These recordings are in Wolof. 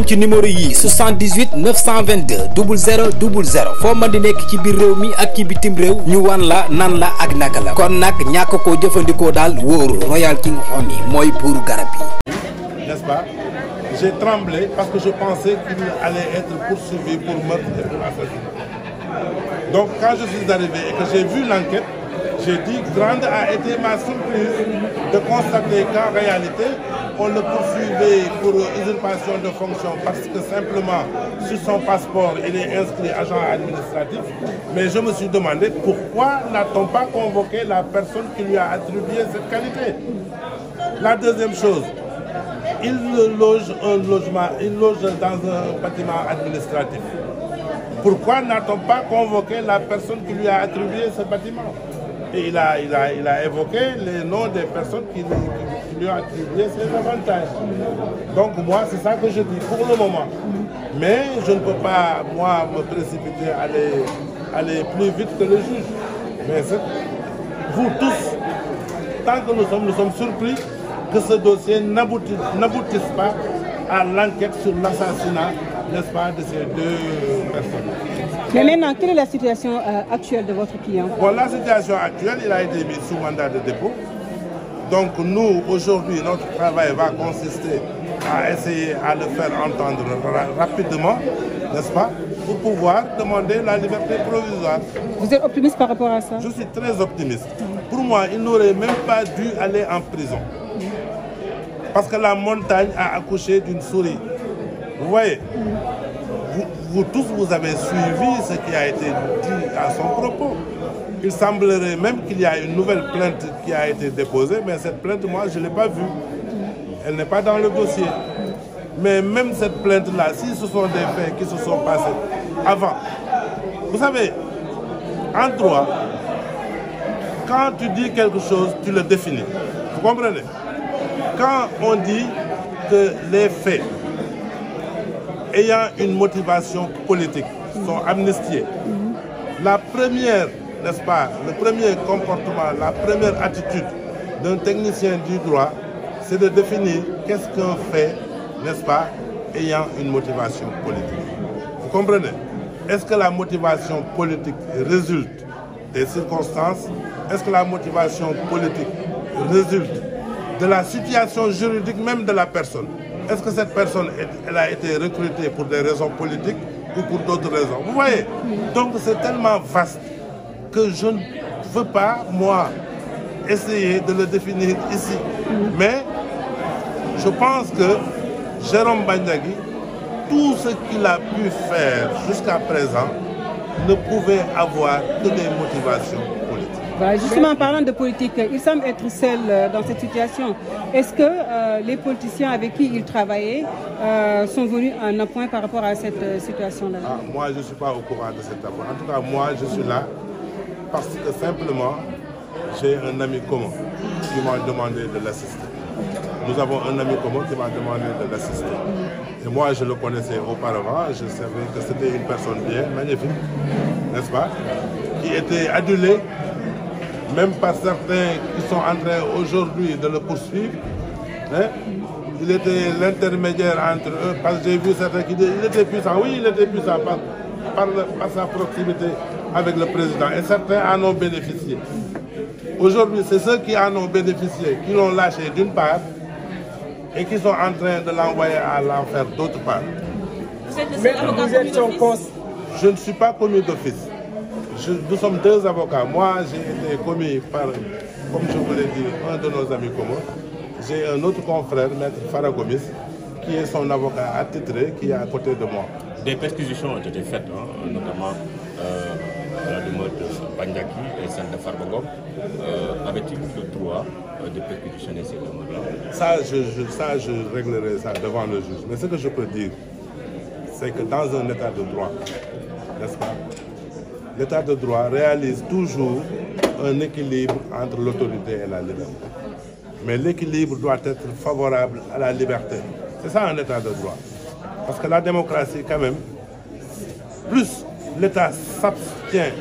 moom ci numéro yii 78 922 00 00 foo mën di nekk ci biir réew mi ak ci bitim réew ñu wan la nan la ak naka la kon nag ñàkk koo jëfandikoo daal wóoru Royal King Honey mooy buuru garab yi. nest pas? J'ai tremblé parce que je pensais qu'il allait être pour meurtre pour assassinat. Donc quand je suis a été de constater qu'en réalité, on le poursuivait pour usurpation de fonction parce que simplement sur son passeport, il est inscrit agent administratif. Mais je me suis demandé pourquoi na pas convoqué la personne qui lui a attribué cette qualité. La deuxième chose, il loge un logement, dans un bâtiment administratif. Pourquoi n'a-t-on pas convoqué la personne qui lui a attribué ce bâtiment? Et il a, il a, il a évoqué les noms des personnes qui, qui, qui lui ont attribué ces avantages. Donc moi, c'est ça que je dis pour le moment. Mais je ne peux pas, moi, me précipiter, aller, aller plus vite que le juge. Mais vous tous, tant que nous sommes, nous sommes surpris que ce dossier n'aboutisse pas à l'enquête sur l'assassinat, n'est-ce pas, de ces deux personnes. Mais maintenant, quelle est la situation euh, actuelle de votre client? Bon, la situation actuelle, il a été mis sous mandat de dépôt. Donc nous, aujourd'hui, notre travail va consister à essayer à le faire entendre rapidement, n'est-ce pas, pour pouvoir demander la liberté provisoire. à ça? Je suis très optimiste. Pour moi, il n'aurait même pas dû aller en prison. Parce que la montagne a accouché d'une souris. Vous voyez? vous tous, vous avez suivi ce qui a été dit à son propos. Il semblerait même qu'il y a une nouvelle plainte qui a été déposée, mais cette plainte, je ne pas vue. Elle n'est pas dans le dossier. Mais même cette plainte-là, si ce sont des faits qui se sont passés avant, vous savez, en droit, quand tu dis quelque chose, tu le définis. Vous comprenez Quand on dit que les faits ayant une motivation politique sont amnistiés. La première, n'est-ce pas, le premier comportement, la première attitude d'un technicien du droit, c'est de définir qu'est-ce qu'un fait, n'est-ce pas, ayant une motivation politique. Vous comprenez Est-ce que la motivation politique résulte des circonstances Est-ce que la motivation politique résulte de la situation juridique même de la personne Est-ce que cette personne, elle a été recrutée pour des raisons politiques ou pour d'autres raisons Vous voyez Donc c'est tellement vaste que je ne veux pas, moi, essayer de le définir ici. Mais je pense que Jérôme Banyagui, tout ce qu'il a pu faire jusqu'à présent, ne pouvait avoir que des motivations Bah justement, en parlant de politique, ils semblent être seuls euh, dans cette situation. Est-ce que euh, les politiciens avec qui ils travaillaient euh, sont venus à un point par rapport à cette euh, situation-là ah, Moi, je ne suis pas au courant de cette affaire. En tout cas, moi, je suis là parce que simplement, j'ai un ami commun qui m'a demandé de l'assister. Nous avons un ami commun qui m'a demandé de l'assister. Et moi, je le connaissais auparavant, je savais que c'était une personne bien, magnifique, n'est-ce pas Qui était adulée même par certains qui sont en train aujourd'hui de le poursuivre. Hein? Il était l'intermédiaire entre eux, parce que j'ai vu certains qui disent il était puissant. Oui, par, le, sa proximité avec le président. Et certains en ont bénéficié. Aujourd'hui, c'est ceux qui en ont bénéficié, qui l'ont lâché d'une part, et qui sont en train de l'envoyer à l'enfer d'autre part. Vous êtes le seul avocat Je ne suis pas commis d'office. Je, nous sommes deux avocats. Moi, j'ai été commis par, comme je vous l'ai dit, un de nos amis communs. J'ai un autre confrère, Maître Faragomis, qui est son avocat attitré, qui est à côté de moi. Des perquisitions ont été faites, hein, notamment euh, à la demande de Bandaki et celle de Farbogom. Euh, Avait-il le droit euh, de perquisitionner ces demeures-là ça je, je, ça, je réglerai ça devant le juge. Mais ce que je peux dire, c'est que dans un état de droit, n'est-ce pas l'état de droit réalise toujours un équilibre entre l'autorité et la liberté. Mais l'équilibre doit être favorable à la liberté. C'est ça un état de droit. Parce que la démocratie, quand même, plus l'État s'abstient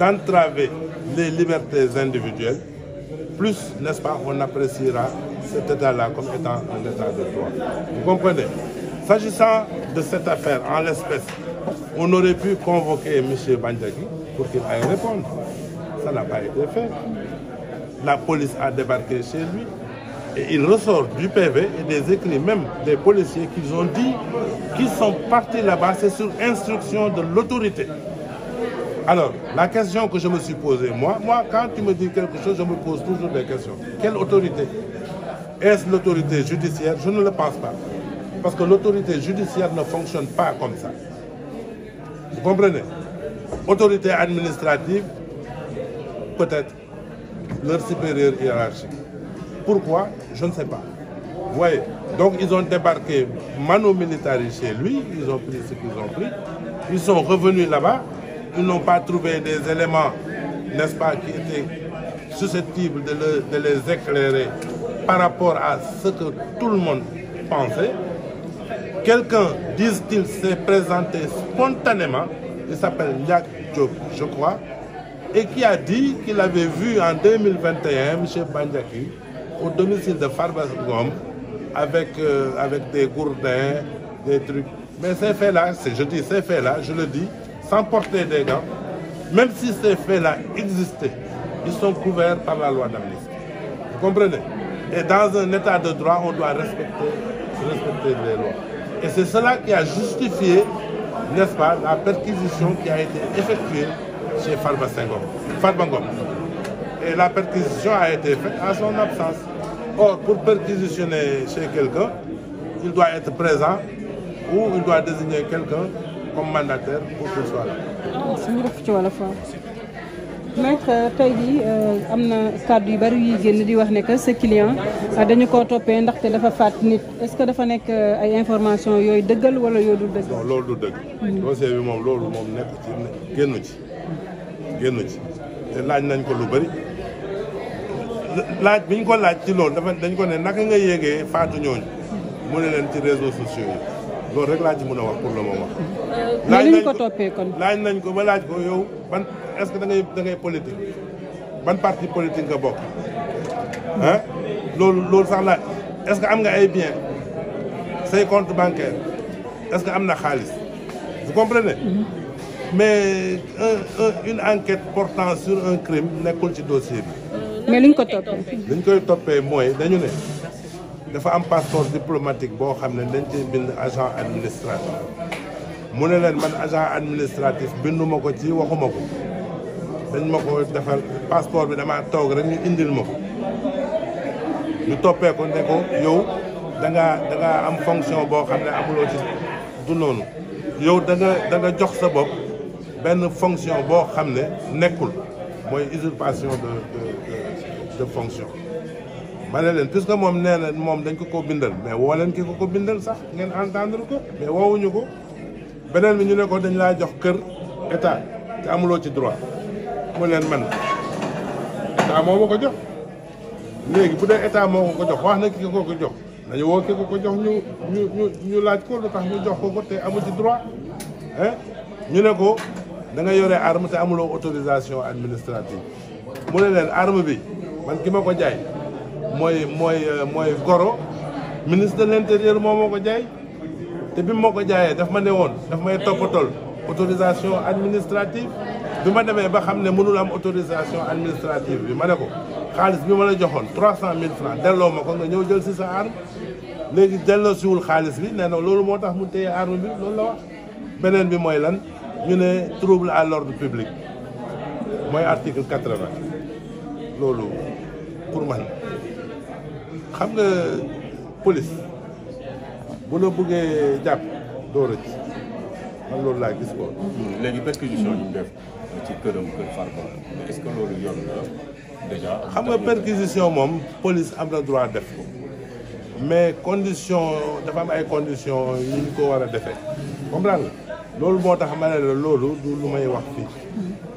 d'entraver les libertés individuelles, plus, n'est-ce pas, on appréciera cet État-là comme étant un État de droit. Vous comprenez S'agissant de cette affaire en l'espèce, On aurait pu convoquer M. Bandjagui pour qu'il aille répondre. Ça n'a pas été fait. La police a débarqué chez lui et il ressort du PV et des écrits même des policiers qu'ils ont dit qu'ils sont partis là-bas, c'est sur instruction de l'autorité. Alors, la question que je me suis posée, moi, moi, quand tu me dis quelque chose, je me pose toujours des questions. Quelle autorité Est-ce l'autorité judiciaire Je ne le pense pas. Parce que l'autorité judiciaire ne fonctionne pas comme vous comprenez autorité administrative peut-être leur supérieur hiérarchique pourquoi je ne sais pas vous voyez donc ils ont débarqué manu militari chez lui ils ont pris ce qu'ils ont pris ils sont revenus là-bas ils n'ont pas trouvé des éléments n'est-ce pas qui étaient susceptibles de, le, de les éclairer par rapport à ce que tout le monde pensait Quelqu'un, disent-ils, s'est présenté spontanément, il s'appelle Ndiak Diop, je crois, et qui a dit qu'il avait vu en 2021 chez Bandiaki, au domicile de Farbas Gom, avec, euh, avec des gourdins, des trucs. Mais ces faits-là, je dis ces faits-là, je le dis, sans porter des gants, même si ces faits-là existaient, ils sont couverts par la loi d'amnistie. Vous comprenez Et dans un état de droit, on doit respecter, respecter les lois. Et c'est cela qui a justifié, n'est-ce pas, la perquisition qui a été effectuée chez Farbangom. Et la perquisition a été faite à son absence. Or, pour perquisitionner chez quelqu'un, il doit être présent ou il doit désigner quelqu'un comme mandataire pour qu'il soit là. maître euh, tey jii euh, am na kàddu yu bari yuy génn di wax ne que sa client euh, dañu koo toppee ndaxte dafa faat nit est-ce que dafa nekk ay information yooyu dëggal wala yooyu du dëgg. non loolu du dëgg. Hmm. bi moom loolu moom nekk ci génn ci génn ci te laaj nañ ko lu bari laaj bi ñu ko laaj ci loolu dafa dañ ko ne naka nga yéegee faatu ñooñu mu ne leen ci réseaux sociaux yi. loolu rek laa ci mën a wax pour le moment. Euh, laaj nañ ko toppee kon. laaj nañ ko ba laaj ko yow ban est-ce que da ngay da ngay politique ban parti politique nga bokk ah loolu loolu sax laaj est-ce que am nga ay bien say compte bancaire est-ce que am na xaalis vous comprenez. Mm-hmm. mais un, une enquête portant sur un crime nekkul ci dossier bi. Euh, mais ñu ko toppee. liñ koy toppee mooy dañu ne. dafa am passeport diplomatique boo xam ne dañ ciy bind agent administratif mu ne leen man agent administratif binduma ko ci waxuma ko dañ ma ko defar passeport bi damaa toog rek ñu indil ma ko ñu toppee ko ne ko yow da nga da am fonction boo xam ne amuloo ci du noonu yow da nga da nga jox sa bopp benn fonction boo xam ne nekkul mooy usurpation de de ma ne leen puisque moom nee na moom dañ ko ko bindal mais woo leen ki ko ko bindal sax ngeen entendre ko mais woowuñu ko beneen bi ñu ne ko dañ laa jox kër état te amuloo ci droit mu leen man état moo ko jox léegi bu dee état moo ko jox wax na ki ko ko jox dañu woo ki ko ko jox ñu ñu ñu ñu laaj ko lu tax ñu jox ko ko te amu ci droit hein ñu ne ko dangay nga yore arme te amuloo autorisation administrative mu leen arme bi man ki ma ko jaay mooy mooy euh, mooy goro ministre de l'intérieur moo moo ko jaay te bi ma ko jaayee daf ma ne woon daf may toppatool autorisation administrative bi ma demee ba xam ne mënul am autorisation administrative bi ma ne ko xaalis bi ma la joxoon trois cent mille francs delloo ma ko nga ñëw jël si sa arme léegi delloo siwul xaalis bi nee na loolu moo tax mu téye arme bi loolu la wax beneen bi mooy lan ñu ne trouble à l'ordre publique mooy article quatre-vingt loolu pour man xam nga police bu la bëggee jàpp door ci loolu laa gis ko hmm, léegi perquisition ñu def ci këram kër que yoon la xam nga perquisition moom police am na droit def ko mais condition dafa am ay condition yi ñu ko war a defee comprendre nga loolu moo tax ma ne la loolu lu may wax fii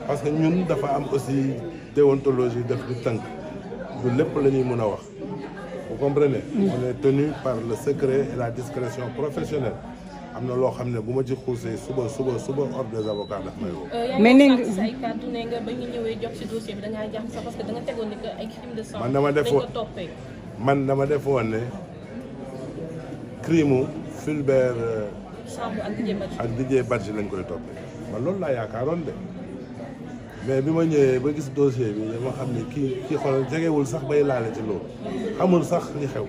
parce que ñun dafa am aussi déontologie def du tënk du lépp la ñuy mën a wax vous comprenez on tenu par le secret et la discrétion professionnelle am na loo xam ne bu ma ci xuusee suba suba suba ordre des avocats daf may woo. Euh, mais man dama def man dama def woon ne crime mu Fulbert. Euh, ak Didier Badji ak Didier Badji lañ koy toppee man loolu laa yaakaaroon de. mais bi ma ñëwee ba gis dossier bi dama xam ne kii kii xoolal jegewul sax bay laale ci loolu xamul sax li xew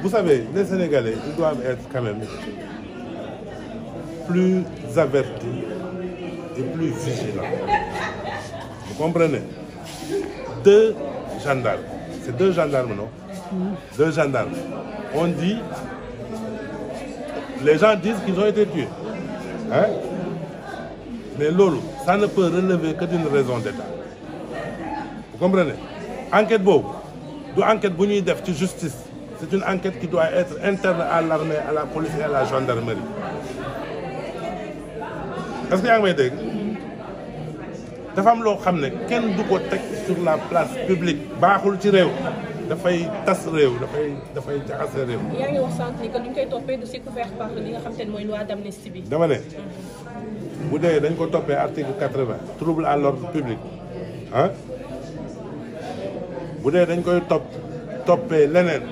vous savez les Sénégalais ils doivent être quand même plus avertis et plus vigilants vous comprenez deux gendarmes c'est deux gendarmes non deux gendarmes on dit les gens disent qu'ils ont été tués hein mais loolu ça ne peut relever que d'une raison d'État vous comprenez enquête boobu du enquête bu ñuy def ci justice c'est une enquête qui doit être interne à l'armée à la police et à la gendarmerie est-ce que yaa ngi may dégg am loo xam ne kenn du ko teg sur la place publique baaxul ci réew dafay tas réew dafay dafay jaxase réew. yaa ngi wax sànq ni que duñ koy toppee du si couvert bu dee dañ ko toppee article quatre-vingt trouble à l'ordre public ah bu dee dañ koy topp toppee leneen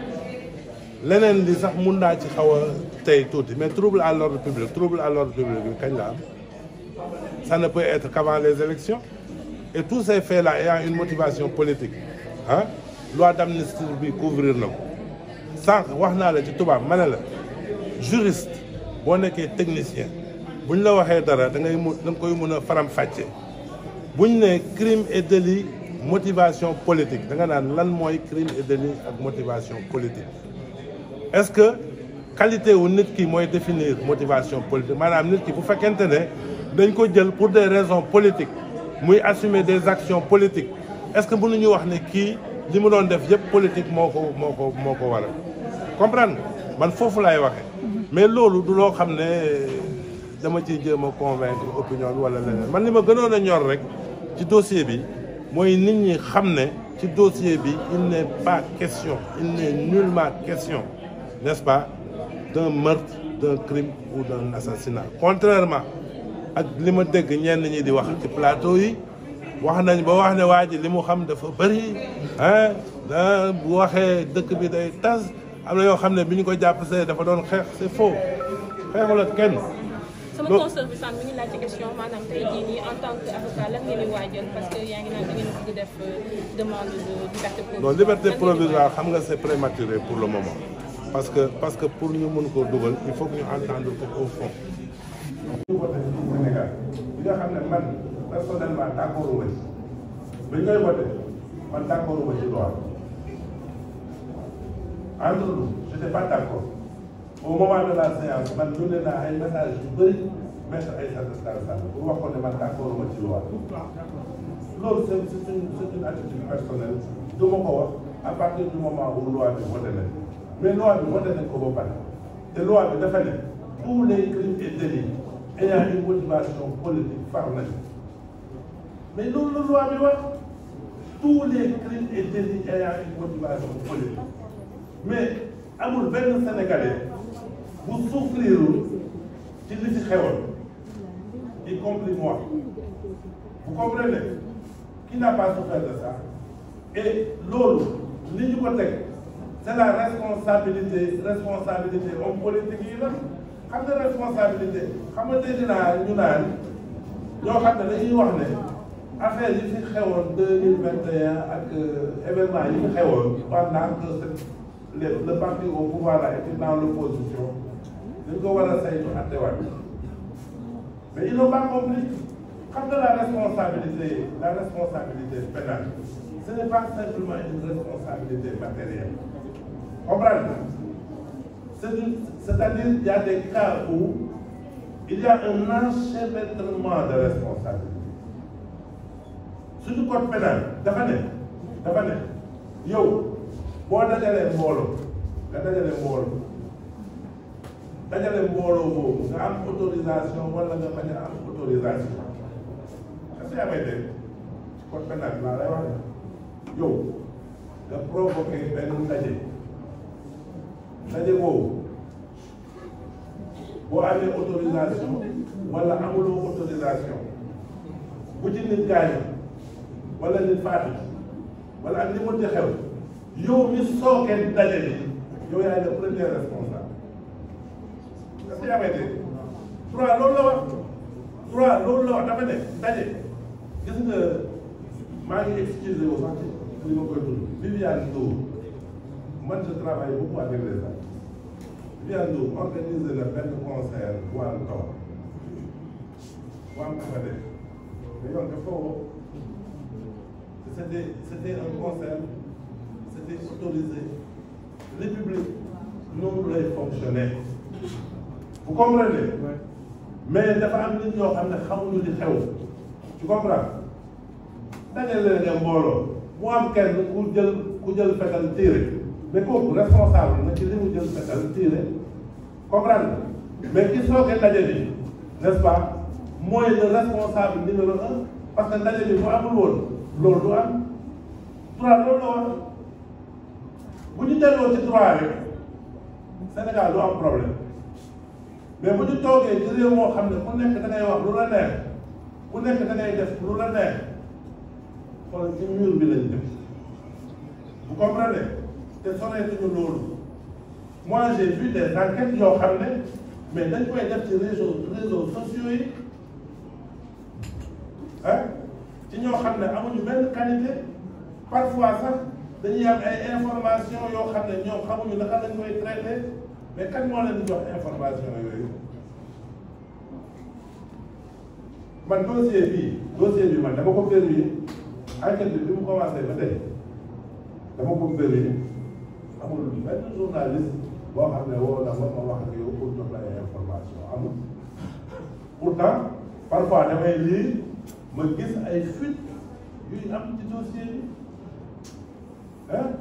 leneen li sax mun naa ci xaw a tey tuuti mais trouble à l'ordre public trouble à l'ordre public bi kañ la am ça ne peut être qu'avant les élections et tous ces faits là ayant une motivation politique ah loi d'amnistie bi couvrir na ko sànq wax naa la ci tubaab ma ne la juriste boo nekkee technicien buñ la waxee dara da ngay mu da koy mun a faram-fàcce bu ñu nee crime et délit motivation politique da nga naan lan mooy crime et délit ak motivation politique est-ce que qualité wu nit ki mooy définir motivation politique maanaam nit ki bu fekkente ne dañ ko jël pour des raisons politiques muy assumer des actions politiques est-ce que mënuñu wax ne kii li mu doon def yëpp politique moo ko moo ko moo ko waral comprendre man foofu lay waxee mhm. mais loolu du loo xam ne dama ci jéem a convaincre opinion bi wala man li ma gënoon a ñor rek ci dossier bi mooy nit ñi xam ne ci dossier bi il pas question il n'est nullement question n'est-ce pas d'un meurtre d'un crime ou d'un assassinat contrairement ak li ma dégg ñenn ñi di wax ci plateau yi wax nañ ba wax ne waa ji li mu xam dafa bëri ah bu waxee dëkk bi day tas am na yoo xam ne bi ñu ko jàpp see dafa doon xeex c'est faux xeexul ak kenn sama consœur bi question maanaam tey jii en tant que avocat lan ngeen di waajal parce que yaa ngi naan da ngeen bëgg def euh, demande de liberté provisoire. provisoire xam nga c' est prématuré pour le moment parce que parce que pour ñu mën koo dugal il faut ñu entendre ko au fond. au moment de la séance man yónnee naa ay message yu bëri maître Aïssata Tall Sall pour wax ko ne man d'accord ma ci loi loolu c'est c'est une c'est une attitude personnelle du ma ko wax à partir du moment où loi bi voté nañ mais loi bi voté nañ ko ba pare te loi bi dafa ne tous les crimes et délits ayant une motivation politique far nañ mais loolu la loi bi wax tous les crimes et délits ayant une motivation politique bu souffrirul ci li fi xewal y compris moi vous comprenez qui n'a pas souffert de ça et loolu li ñu ko teg c'est la responsabilité responsabilité homme politique yi la xam nga responsabilité xam nga dégg naa ñu naan ñoo xam ne dañuy wax ne affaire yi fi xewoon deux mille vingt et un ak euh, événement yi fi xewoon pendant que le parti au pouvoir a été dans l'opposition dañ ko war a saytu àttewaat mais ils n'ont pas xam nga la responsabilité la responsabilité pénale ce n'est pas simplement une responsabilité matérielle comprendre c'est-à-dire il y a des cas où il y a un enchevêtrement de responsabilité suñu code pénal dafa ne dafa ne yow boo dajalee mbooloo nga dajalee mbooloo dajale mbooloo boobu nga am autorisation wala nga am autorisation parce que yaa may dégg code pénal laa lay wax yow nga provoqué benn ndaje ndaje boobu boo amee autorisation wala amuloo autorisation bu ci nit wala nit faatu wala ak li mu di xew mi sookee ndaje bi yow yaay le premier responsable bu ñu amatee trois loolu la wax trois loolu la wax dafa ne daje gis nga maa ngi excuse wu sax ni ma koy tudd Viviane Ndour man je travaille beaucoup avec les gens Viviane Ndour organise na benn concert Waan Kaw Waan Kaw de mais yoon dafa woo c'était c'était un concert c'était autorisé les publics noonu lay vous comprenez. mais dafa am nit ñoo xam ne xamuñu li xew. tu comprends dajale leen ne mbooloo mu am kenn ku jël ku jël fetal tiire mais kooku responsable na ci li mu jël fetal tiire comprendre mais ki soo ko dajale n'est-ce pas mooy le responsable numéro un parce que ndaje bi bu amul woon loolu du am droit loolu la woon bu ñu delloo ci droit rek Sénégal du am problème. mais bu ñu toogee ci réew moo xam ne ku nekk da ngay wax lu la neex ku nekk da ngay def lu la neex xoolal ci mur bi lañ def vous comprenez te soreetuñu loolu moi j'ai vu des enquêtes yoo xam ne mais dañ koy def ci réseau réseaux sociaux yi ah ci ñoo xam ne amuñu benn qualité parfois sax dañuy am ay information yoo xam ne ñoom xamuñu naka lañ koy traité mais kan moo leen jox information yooyu man dossier bi dossier bi man dama ko vérifié enquête bi bi mu commencé ba tey dama ko vérifié amul benn journaliste boo xam ne woo na ma ma wax ak yow pour jox la information amul pourtant parfois damay lii ma gis ay fuite yuy am ci dossier bi hein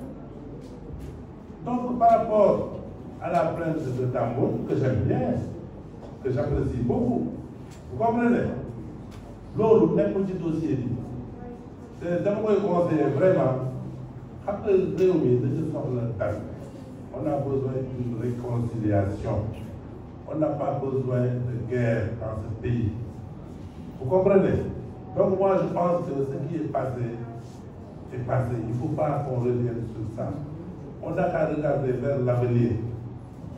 donc par rapport. à la plainte de Tambon, que j'aime bien, que j'apprécie beaucoup. Vous comprenez L'eau, même petit dossier. C'est un conseiller vraiment. Après le réunion, nous sommes le temps. On a besoin d'une réconciliation. On n'a pas besoin de guerre dans ce pays. Vous comprenez Donc moi, je pense que ce qui est passé est passé. Il ne faut pas qu'on revienne sur ça. On n'a qu'à regarder vers l'avenir.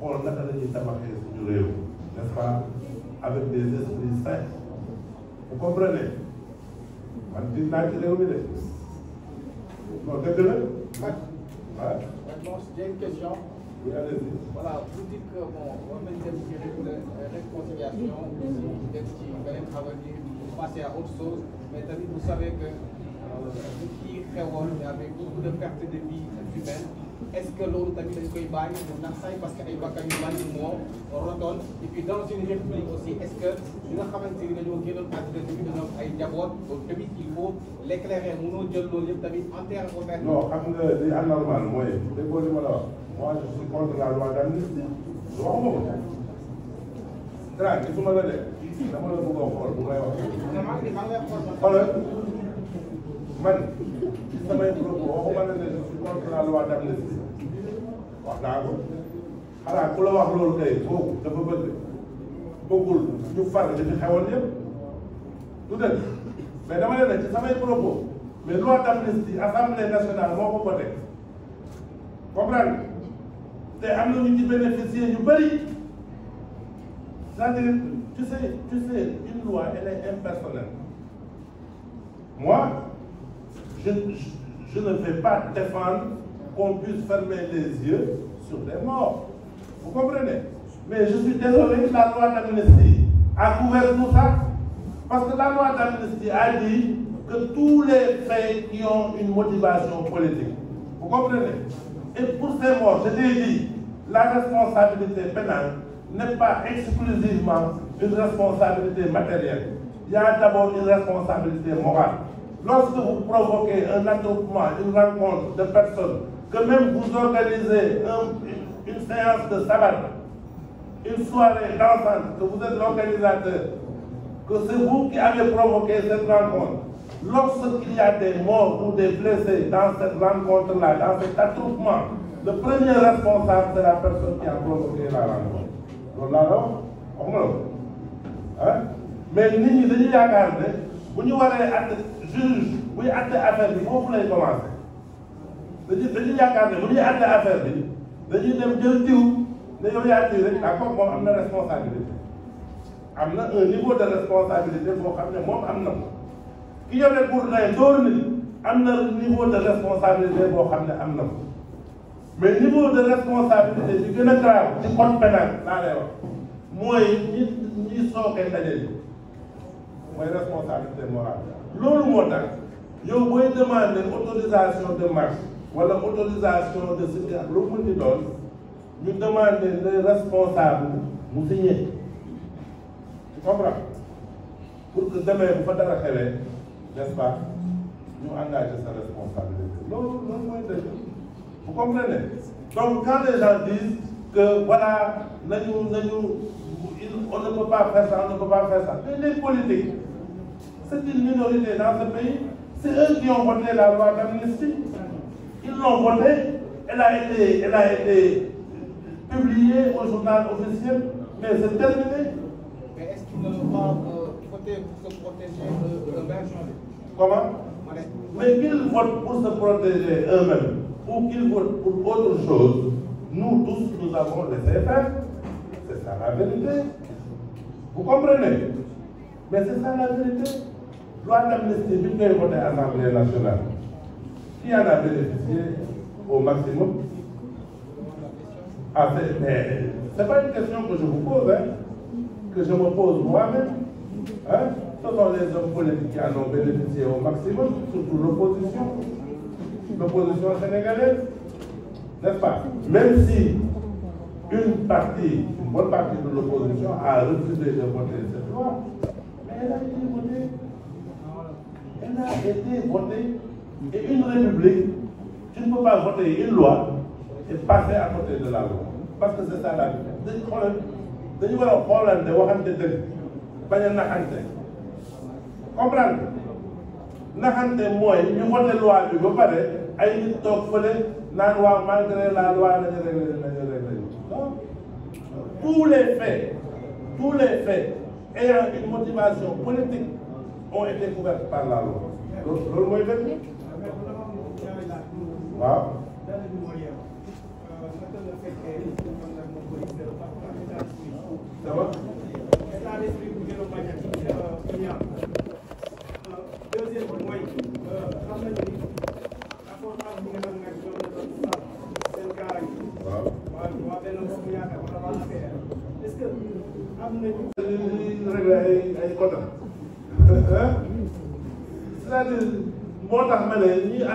xool naka la ñuy tabaxee suñu réew n'est-ce pas avec des esprits sains vous comprenez man di naa ci réew mi de non dëgg la ah ah. bon j'ai une question. oui allez-y. voilà vous dites passer à autre chose mais tamit vous savez que li ci xewoon avec beaucoup de perte de vie humaine est-ce que loolu tamit dañ koy bàyyi mu nax say parce que ay bakkan yu bari moo rotoon et puis dans une république aussi est-ce que li nga xamante ni dañoo génnoon àddina bi dañoo ay njaboot donc tamit il faut l'éclairer mënoo jël loolu yëpp tamit en terre ouverte. non xam nga li anormal mooy déggoo li ma la wax moi je suis contre la loi d'amnistie waxuma ko. grand gisuma la de dama la bëgg a xool bu may man samay propos waxuma la ne je suis la loi d'amnistie wax naa ko xanaa ku la wax loolu kay boobu dafa bëgg bëggul ñu far li fi xewoon yëpp du dëgg mais dama leen ne ci samay propos mais am na ñu ci bénéficier C'est-à-dire, tu sais, tu sais, une loi, elle est impersonnelle. Moi, je, je, ne vais pas défendre qu'on puisse fermer les yeux sur les morts. Vous comprenez Mais je suis la loi d'amnistie a couvert tout ça. Parce que la loi d'amnistie a dit que tous les faits qui ont une motivation politique. Vous comprenez Et pour ces morts, je l'ai dit, la responsabilité pénale n'est pas exclusivement une responsabilité matérielle. Il y a d'abord une responsabilité morale. Lorsque vous provoquez un attroupement, une rencontre de personnes, que même vous organisez un, une, séance de sabbat, une soirée dansante, que vous êtes l'organisateur, que c'est vous qui avez provoqué cette rencontre, lorsqu'il y a des morts ou des blessés dans cette rencontre-là, dans cet attroupement, le premier responsable, c'est la personne qui a provoqué la rencontre. loolu laa la wax waxuma la ah mais nit ñi dañuy yaakaar ne bu ñu waree àtte juge buy àtte affaire bi foofu lay commencé dañuy dañuy yaakaar ne bu ñuy àtte affaire bi dañuy dem jël diw ne yow yaa diw rek ah kooku moom am na responsabilité am na un niveau de responsabilité boo xam ne moom am na ko ki yore pour nay dóor ni am na niveau de responsabilité boo xam ne am na ko. mais niveau de responsabilité bi gën a grave ci code pénal laa lay wax mooy ñi ñi sooke ndaje bi mooy responsabilité morale loolu moo tax yow booy demander autorisation de marche wala autorisation de cité ak lu mën di doon ñu mu signé tu comprends pour que demee bu fa dara xewee n'est-ce loolu loolu mooy dëgg Vous comprenez Donc quand les gens disent que voilà, nous, nous, on ne peut pas faire ça, on ne peut pas faire ça. Mais les politiques, c'est une minorité dans ce pays. C'est eux qui ont voté la loi d'amnistie. Ils l'ont votée. Elle a été, elle a été publiée au journal officiel, mais c'est terminé. Mais est-ce qu'il ne euh, pour se protéger euh, le 20 janvier Comment Mais qu'ils votent pour se protéger eux-mêmes. ou qu'ils votent pour autre chose, nous tous, nous avons laissé faire. C'est ça la vérité. Vous comprenez Mais c'est ça la vérité. Loi d'amnistie, vous pouvez voter à l'Assemblée nationale. Qui en a bénéficié au maximum ah, c'est pas une question que je vous pose, hein, que je me pose moi-même. Hein. Ce sont les hommes politiques qui en ont bénéficié au maximum, surtout l'opposition. l'opposition sénégalaise, n'est-ce pas Même si une partie, une bonne partie de l'opposition a refusé de voter cette loi, mais elle a été votée. Elle a été votée. Et une république, tu ne peux pas voter une loi et passer à côté de la loi. Parce que c'est ça la vie. dañu xoolal dañu war a xoolante waxante dëgg bañ a naxante comprendre naxante mooy ñu voté loi bi ba pare. ay nit toog fële naan waaw malgré la loi nañu réglé nañu réglé non tous les faits tous les faits ayant une motivation politique ont été couverts par la loi loolu loolu mooy dëgg. waaw. d'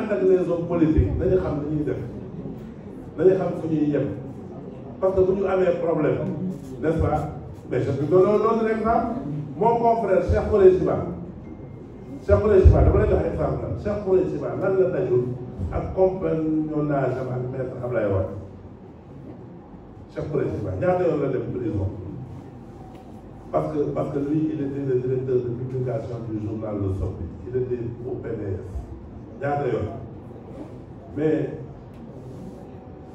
ànd ak les hommes politiques nañu xam li ñuy def nañu xam fu ñuy yem parce que bu ñu amee problème n'est-ce pas mais je te donne un exemple mon confrère Cheikh Ouleye Siba Cheikh Ouleye Siba dama lay jox exemple la Cheikh Ouleye Siba lan la dajul ak compagnonnage am ak maître Ablaye Wade Cheikh Ouleye Siba ñaata yoon la dem prison parce que parce que lui il était le directeur de publication du journal Le Soleil il était au PDS. ñaata yoon mais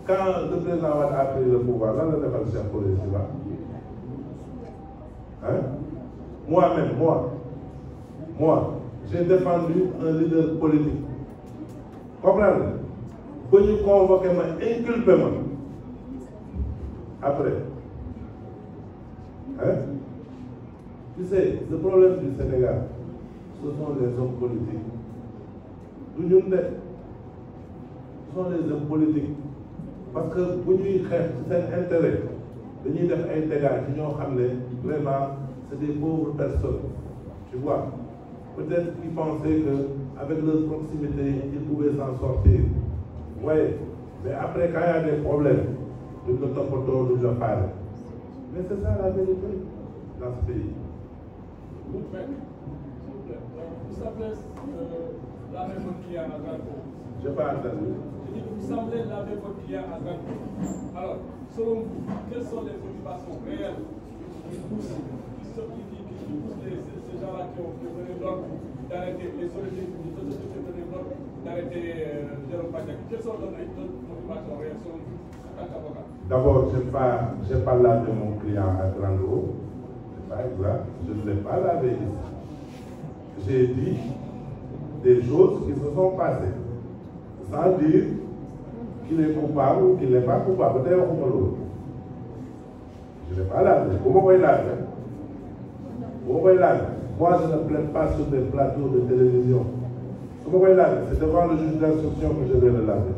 quand le président Wade a pris le pouvoir lan la defal Cheikh Ould Siba hein moi-même moi moi j'ai défendu un leader politique comprendre ba ñu convoqué ma inculpé ma après hein tu sais le problème du Sénégal ce sont les hommes politiques du ñun de ce sont les hommes politiques parce que bu ñuy xeex ci seen intérêt dañuy def ay dégâts ci ñoo xam ne vraiment c'est des pauvres personnes tu vois peut-être qu'ils pensaient que avec leur proximité ils pouvaient s'en sortir waaye mais après quand il y a des problèmes duñ la toppatoo la faale mais c'est ça la la même cuillère à Gagbo. Je parle de vous. Je dis, vous semblez la même cuillère à Gagbo. Alors, selon vous, quelles sont les motivations réelles qui poussent, qui, qui, qui poussent les, ces, ces gens-là qui ont donné l'ordre d'arrêter, les sociétés qui ont donné l'ordre d'arrêter euh, Jérôme euh, Pajak Quelles sont les motivations réelles selon vous D'abord, je n'ai pas, pas lavé mon client à grande eau. C'est pas grave. Je ne l'ai pas lavé ici. J'ai dit des choses qui se sont passées sans dire qu'il est coupable ou qu'il n'est pas coupable tey waxuma loolu je n'ai pas laaj bu ma koy laaj rek bu ma koy laaj moi je ne plaide pas sur des plateaux de télévision su ma koy laaj c'est devant le juge d'instruction que je vais le laver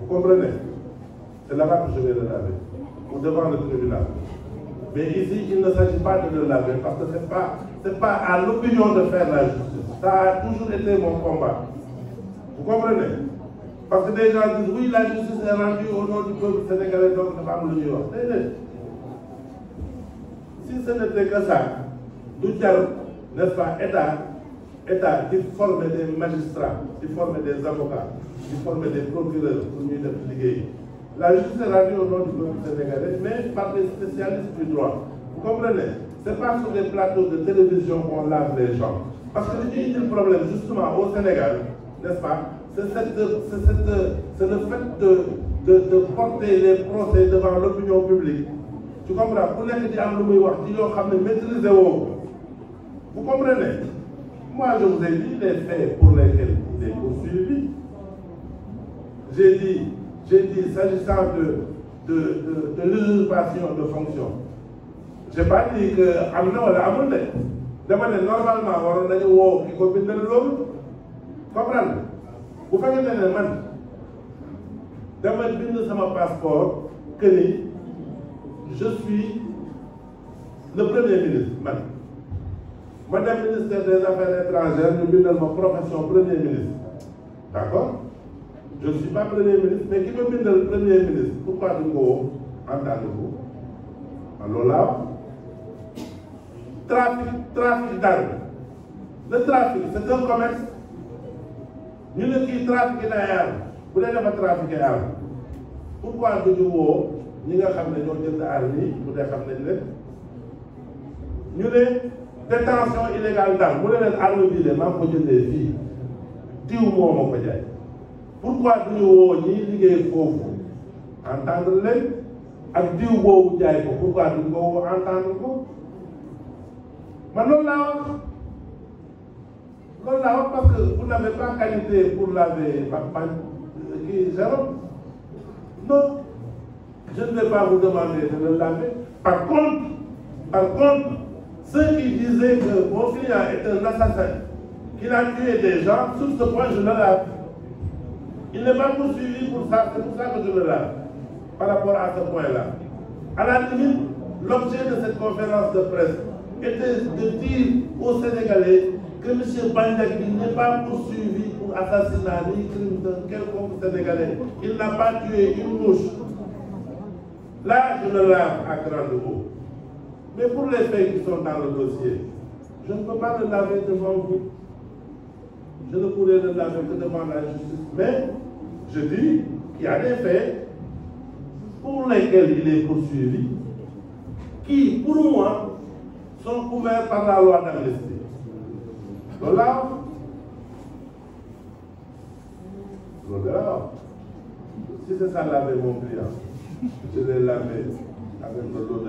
vous comprenez c'est là-bas que je vais le laver ou devant le tribunal mais ici il ne s'agit pas de le laver parce que c'est pas c'est pas à l'opinion de faire la justice ça a toujours été mon combat. Vous comprenez Parce que des gens disent, oui, la justice est rendue au nom du peuple sénégalais, donc ne pas me Si ce n'était que ça, nous n'est-ce pas, État, État qui forme des magistrats, qui forme des avocats, qui forme La justice est rendue au nom du peuple sénégalais, mais par des spécialistes du droit. Vous comprenez C'est de télévision qu'on lave les gens. parce que li ñuy jël problème justement au Sénégal n'est-ce pas c'est cette c'est cette c'est le fait de de de porter les procès devant l'opinion publique tu comprends ku nekk di am lu muy wax ci yoo xam ne maîtriser woo vous comprenez moi je vous ai dit les faits pour lesquels vous êtes poursuivi j'ai dit j'ai dit s'agissant de de de de l'usurpation de fonction je pas dit que am na wala amul dama ne normalement waroon nañu woo ki ko bindal loolu comprendre bu fekkee ne man dama bind sama passeport que ni je premier ministre man ma dem ministère des affaires étrangères ñu bindal ma profession premier ministre d' accord je ne suis premier ministre mais ki ma bindal premier ministre pourquoi du ko woo en tant que loolu trafic trafic d'armes le trafic c'est un commerce ñu kii trafiqué na ay armes bu dee dafa trafiqué armes pourquoi duñu woo ñi nga xam ne ñoo jënd armes yi bu dee xam nañ leen ñu ne détention illégale d'armes mu ne leen arme bii de maa ngi ko jëndee fii diw moo ma ko jaay pourquoi duñu woo ñiy liggéey foofu entendre leen ak diw boobu jaay ko pourquoi duñu ko woo entendre ko. man loolu laa wax loolu laa wax parce que vous n'avez pas qualité pour laver ma kii Jérôme non je ne vais pas vous demander de le laver par contre par contre ceux qui disaient que mon client est un assassin qu'il a tué des gens sur ce point je le lave il n'est pas poursuivi pour ça c'est pour ça que je le lave par rapport à ce point-là à la limite l'objet de cette conférence de presse était de dire aux Sénégalais que M. Bandagui n'est pas poursuivi pour ni crime d'un quelconque Sénégalais. Il n'a pas tué une mouche. Là, je à grand mot. Mais pour les qui sont dans le je ne peux pas le laver devant vous. Je justice. Mais je dis qu'il a des faits pour lesquels il est poursuivi, qui, pour moi, sont couverts par la loi d'amnistie loolu laa loolu laa si c'est ça laver mon client je l'ai lavé avec de